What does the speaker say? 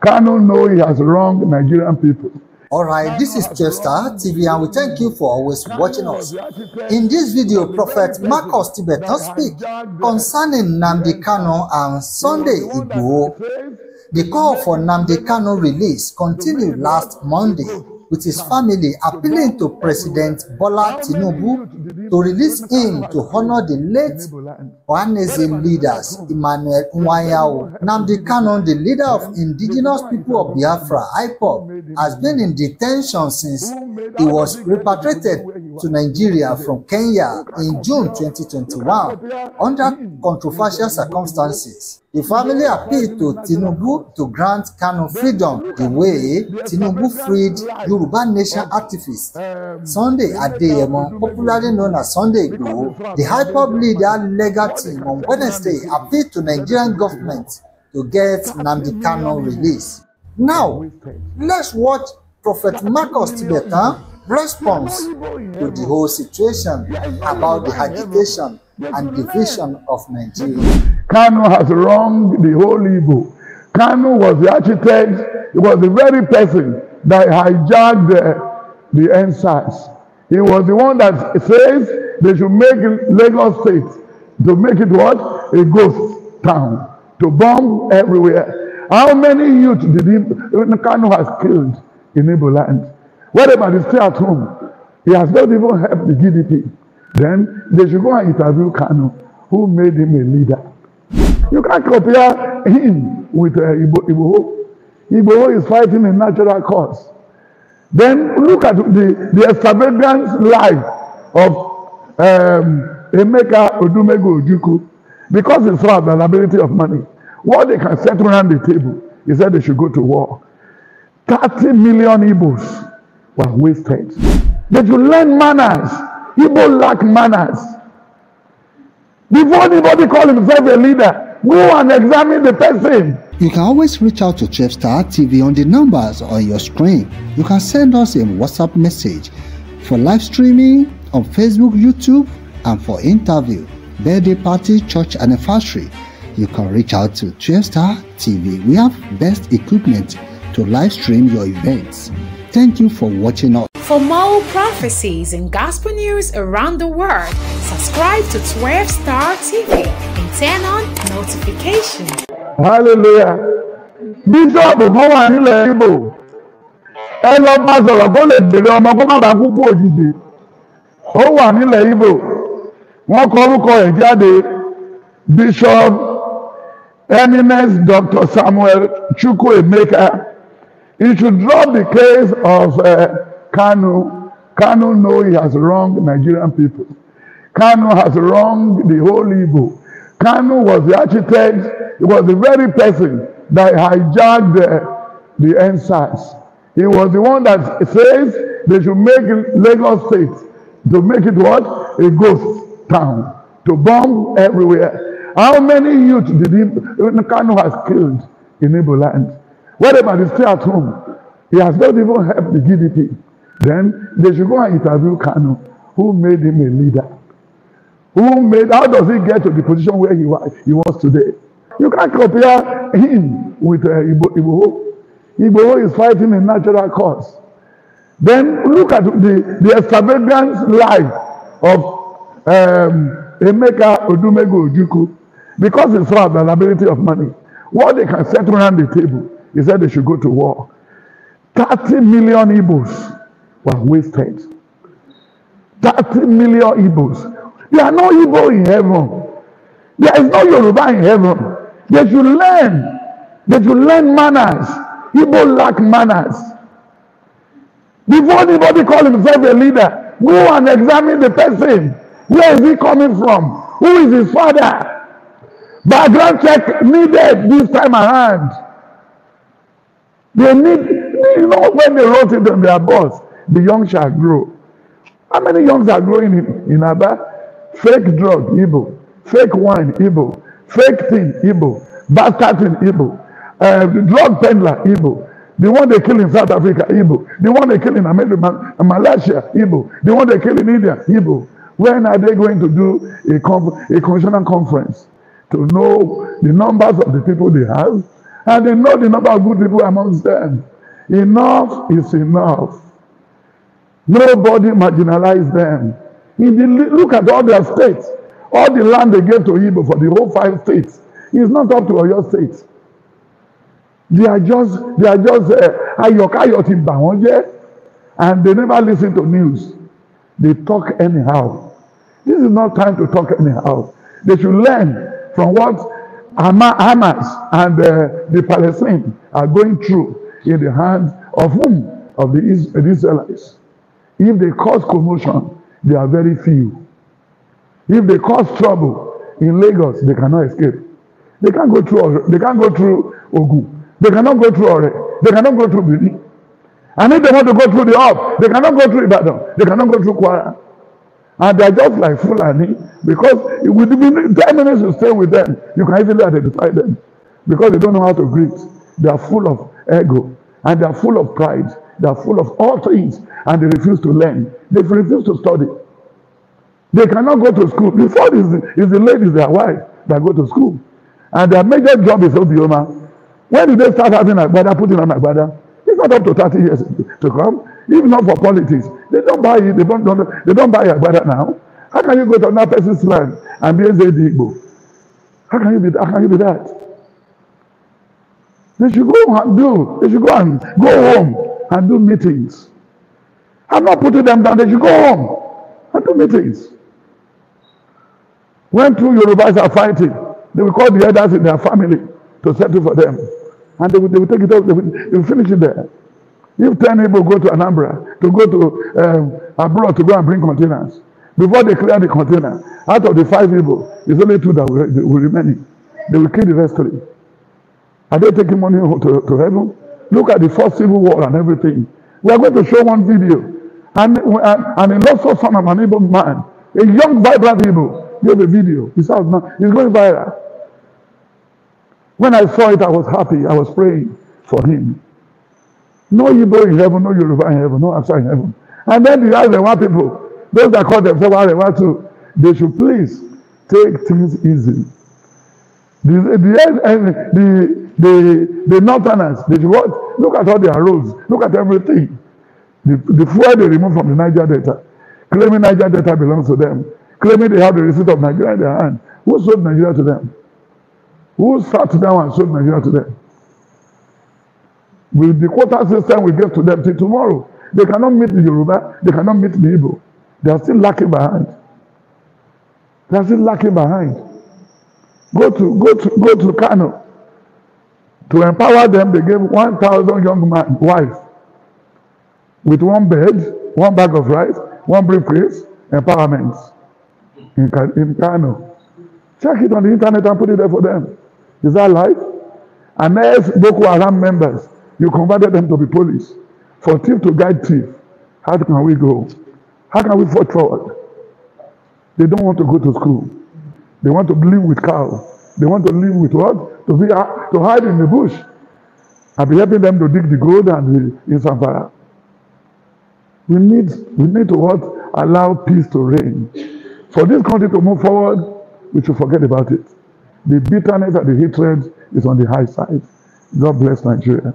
Kanu know he has wronged Nigerian people. All right, this is Chester TV and we thank you for always watching us. In this video, Prophet Marcus Tibetan speak concerning Nnamdi Kanu and Sunday Igbo. The call for Nnamdi Kanu release continued last Monday with his family appealing to President Bola Tinubu to release him to honor the late Ohanese leaders Emmanuel Nwanyao. Nnamdi Kanu, the leader of indigenous people of Biafra, IPOB, has been in detention since he was repatriated to Nigeria from Kenya in June 2021 under controversial circumstances. The family appealed to Tinubu to grant Kanu freedom the way Tinubu freed Yoruba Nation activist Sunday Adeyemo, popularly known as Sunday Igboho. The high IPOB leader legal team on Wednesday appealed to Nigerian government to get Nnamdi Kanu released. Now, let's watch Prophet Marcus Tibetan response to the whole situation about the agitation and division of Nigeria. Kano has wronged the whole Igbo. Kano was the architect, he was the very person that hijacked the, the ensigns. He was the one that says they should make Lagos State to make it what? A ghost town. To bomb everywhere. How many youth did he, Kanu has killed in Igbo land? What about the stay at home? He has not even helped the GDP. Then they should go and interview Kano, who made him a leader. You can't compare him with uh, Iboho Igboho is fighting a natural cause. Then look at the, the extravagant life of um, Emeka Odumego Ojukwu because he saw availability of money. What they can set around the table, he said they should go to war. 30 million Igbos were wasted. They should learn manners. Igbo lack manners. Before anybody call himself a leader, Go and examine the person. You can always reach out to Star TV on the numbers on your screen. You can send us a WhatsApp message for live streaming on Facebook, YouTube, and for interview, birthday party, church anniversary. You can reach out to Star TV. We have best equipment to live stream your events. Thank you for watching us. For more prophecies and gospel news around the world, subscribe to 12 Star TV and turn on notifications. hallelujah bíṣọ̀bù kan wà nílẹ̀ ibo ẹ lọ bá sọ̀rọ̀ kó lè bèrè ọmọ kó má bàa kú kú òjijì ó wà nílẹ̀ ibo wọ́n kọ orúkọ ẹ̀ jáde bishop eminence dr samuel chukwuemeka he should drop the case of uh, kanu kanu know he has wronged nigerian people kanu has wronged the whole igbo Kanu was the architect, he was the very person that hijacked the, the ensigns. He was the one that says they should make Lagos State to make it what? A ghost town. To bomb everywhere. How many youth did he, Kanu has killed in Igbo land? What about the stay at home? He has not even helped the GDP. Then they should go and interview Kanu, who made him a leader. Who made, how does he get to the position where he, was? he was today? You can't compare him with uh, Igboho. Igboho is fighting a natural cause. Then look at the, the extravagant life of um, Emeka Odumego Ojukwu because it's saw the ability of money. What they can set around the table, he said they should go to war. 30 million Igbos were wasted. 30 million Igbos There are no Igbo in heaven. There is no Yoruba in heaven. They should learn. They should learn manners. Igbo lack manners. Before anybody call himself a leader, go and examine the person. Where is he coming from? Who is his father? Background check needed this time around. They need, you know, when they wrote it on their boss, the young shall grow. How many youngs are growing in, in Abba? fake drug Igbo fake wine Igbo fake thing Igbo bastard thing Igbo uh, drug peddler Igbo the one they kill in South Africa Igbo the one they kill in America, Malaysia Igbo the one they kill in India Igbo when are they going to do a, conf a commissioner conference to know the numbers of the people they have and they know the number of good people amongst them enough is enough nobody marginalize them If you look at all their states, all the land they gave to Igbo for the whole five states, it's not up to Oyo state. They are just, they are just eh, ayọ̀káyọ̀ and they never listen to news. They talk anyhow. This is not time to talk anyhow. They should learn from what Hamas and uh, the Palestinians are going through in the hands of whom? Of the Israelites. If they cause commotion, They are very few. If they cause trouble in Lagos, they cannot escape. They can't go through. They can't go through Ogun. They cannot go through Ore. They cannot go through Bini. And if they want to go through the up, they cannot go through Ibadan. They cannot go through Kwara. And they are just like Fulani because it would be 10 minutes you stay with them. You can easily identify them because they don't know how to greet. They are full of ego and they are full of pride. They are full of all things and they refuse to learn. They refuse to study. They cannot go to school. Before this is the ladies, their wives, that go to school. And their major job is Obioma. When did they start having brother putting on brother? It's not up to 30 years to come. Even not for politics. They don't buy it. They don't, don't, they don't buy a brother now. How can you go to another person's land and be a Igbo? How can you be, how can you be that? They should go and do, they should go and go home and do meetings. I'm not putting them down, they should go home and do meetings. When two Yorubas are fighting, they will call the elders in their family to settle for them. And they will, they will take it up, they will, they will finish it there. If 10 people go to Anambra to go to um, abroad to go and bring containers, before they clear the container, out of the five people, it's only two that will, will remain. They will kill the rest of it. Are they taking money to, to heaven? Look at the first civil war and everything. We are going to show one video. And, and, and a lawful son of an Igbo man, a young, vibrant Igbo, gave a video. He says, now, going viral. When I saw it, I was happy. I was praying for him. No Igbo in heaven, no Yoruba in heaven, no outside heaven. And then the other Arewa people, those that call themselves Arewa too, they should please take things easy. The, the, the, the the the northerners the what look at all their roads look at everything the the fuel they remove from the niger delta claiming niger delta belongs to them claiming they have the receipt of nigeria in their hand who sold nigeria to them who sat down and sold nigeria to them with the quota system we give to them till tomorrow they cannot meet the yoruba they cannot meet the igbo they are still lacking behind they are still lacking behind go to go to go to kano To empower them, they gave 1,000 young men wives with one bed, one bag of rice, one briefcase, empowerment in, in Kano. Check it on the internet and put it there for them. Is that life? And as Boko Haram members, you converted them to be police. For thief to guide thief, how can we go? How can we forge forward? They don't want to go to school. They want to live with cows. They want to live with what? To, be, uh, to hide in the bush. I'll be helping them to dig the gold and the instant We need, we need to what? Allow peace to reign. For this country to move forward, we should forget about it. The bitterness and the hatred is on the high side. God bless Nigeria.